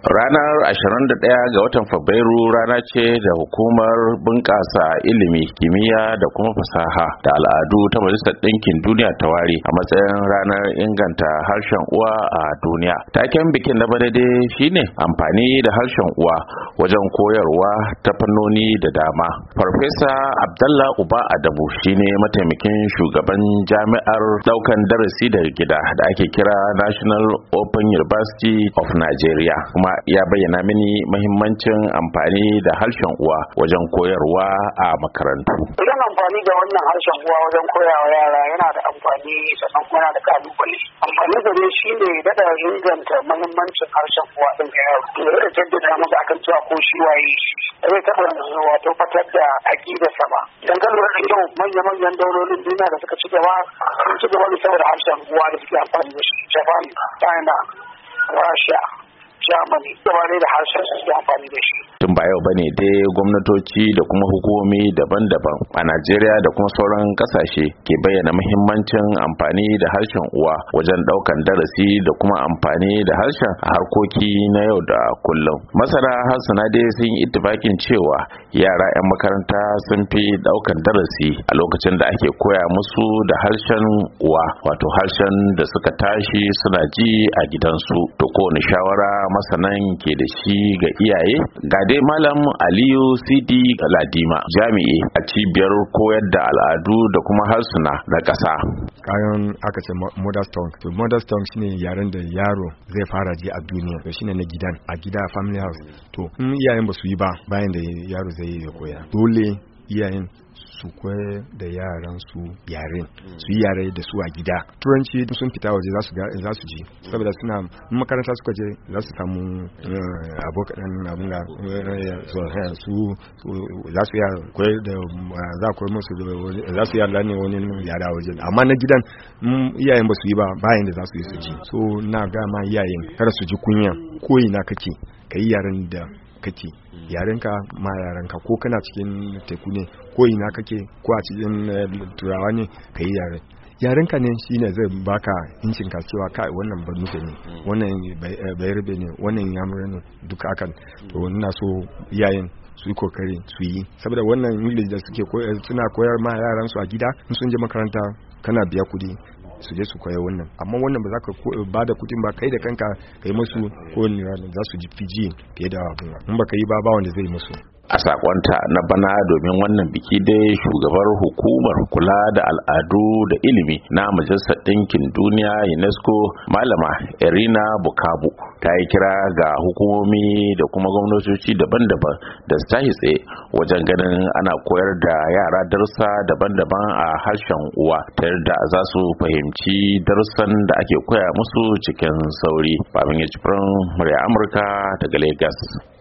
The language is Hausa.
Ranar 21 ga watan Fabrairu rana ce da hukumar bunƙasa ilimi, kimiyya da kuma fasaha da al'adu ta Majalisar Ɗinkin Duniya ta ware a matsayin ranar inganta harshen uwa a duniya. Taken bikin na badade shine amfani da harshen uwa wajen koyarwa ta fannoni da dama. Farfesa Abdallah Uba Adamu shine mataimakin shugaban jami'ar ɗaukan darasi da gida da ake kira National Open University of Nigeria. Kuma ya bayyana mini mahimmancin amfani da harshen uwa wajen koyarwa a makarantu idan amfani da wannan harshen uwa wajen koyawa yara yana da amfani sannan kuma da kalubale amfani da ne shine daɗa inganta mahimmancin harshen uwa ɗin ga yaro da jaddada masa akan cewa ko shi waye zai taɓa wato fatar da aƙidarsa sama idan ka lura da yau manya-manyan daulolin duniya da suka ci gaba sun ci gaba da saboda harshen uwa da suke amfani da shi japan china russia da harshen su amfani da shi. Tun ba yau bane dai gwamnatoci da kuma hukumomi daban-daban a Najeriya da kuma sauran kasashe ke bayyana muhimmancin amfani da harshen uwa wajen ɗaukan darasi da kuma amfani da harshen a harkoki na yau da kullum. Masana harsuna dai sun yi ittifakin cewa yara 'yan makaranta sun fi ɗaukan darasi a lokacin da ake koya musu da harshen uwa wato harshen da suka tashi suna ji a gidansu to kowane shawara masanan ke da shi ga iyaye ga dai malam aliyu sidi ladima jami'i a cibiyar koyar da al'adu da kuma harsuna na ƙasa kayan aka ce mother to mother shine yaren da yaro zai fara ji a duniya to shine na gidan a gida family house to in iyayen ba su yi ba bayan da yaro zai yi ya koya dole iyayen su koyar da yaran su yaren su yi yare da su a gida turanci sun fita waje za su ji saboda suna makaranta suka je za su samu eh, abokan abin da eh, za su yara koyar za a koyar za su yara ne wani yara waje amma na gidan iyayen ba su yi ba bayan da za su yi su ji so na gama iyayen kada su ji kunya koyi na kake ka yi yaren da kake hmm. yarenka ma yarenka ko kana cikin teku ne ko ina kake ko a cikin eh, turawa ne ka yi yaren yarenka ne shine zai baka incinka cewa kai wannan hmm. ba nufe eh, ne wannan bayarbe ne wannan ne duka akan to hmm. ina so yayin su yi kokari su yi saboda wannan english da suke suna koyar ma yaran su a gida in sun je makaranta kana biya kudi su je su koya wannan amma wannan ba za ka eh, ba da kuɗin ba kai da kanka kai musu ko za su ji fiji fiye da abin in ba ka yi ba ba wanda zai musu a sakonta na bana domin wannan biki dai shugabar hukumar kula da al'adu da ilimi na majalisar ɗinkin duniya unesco malama irina bukabu ta yi kira ga hukumomi da kuma gwamnatoci daban-daban da su tashi tsaye wajen ganin ana koyar da yara darussa daban-daban a harshen uwa ta yadda za su fahimci darussan da ake koya musu cikin sauri babin ya murya amurka daga lagos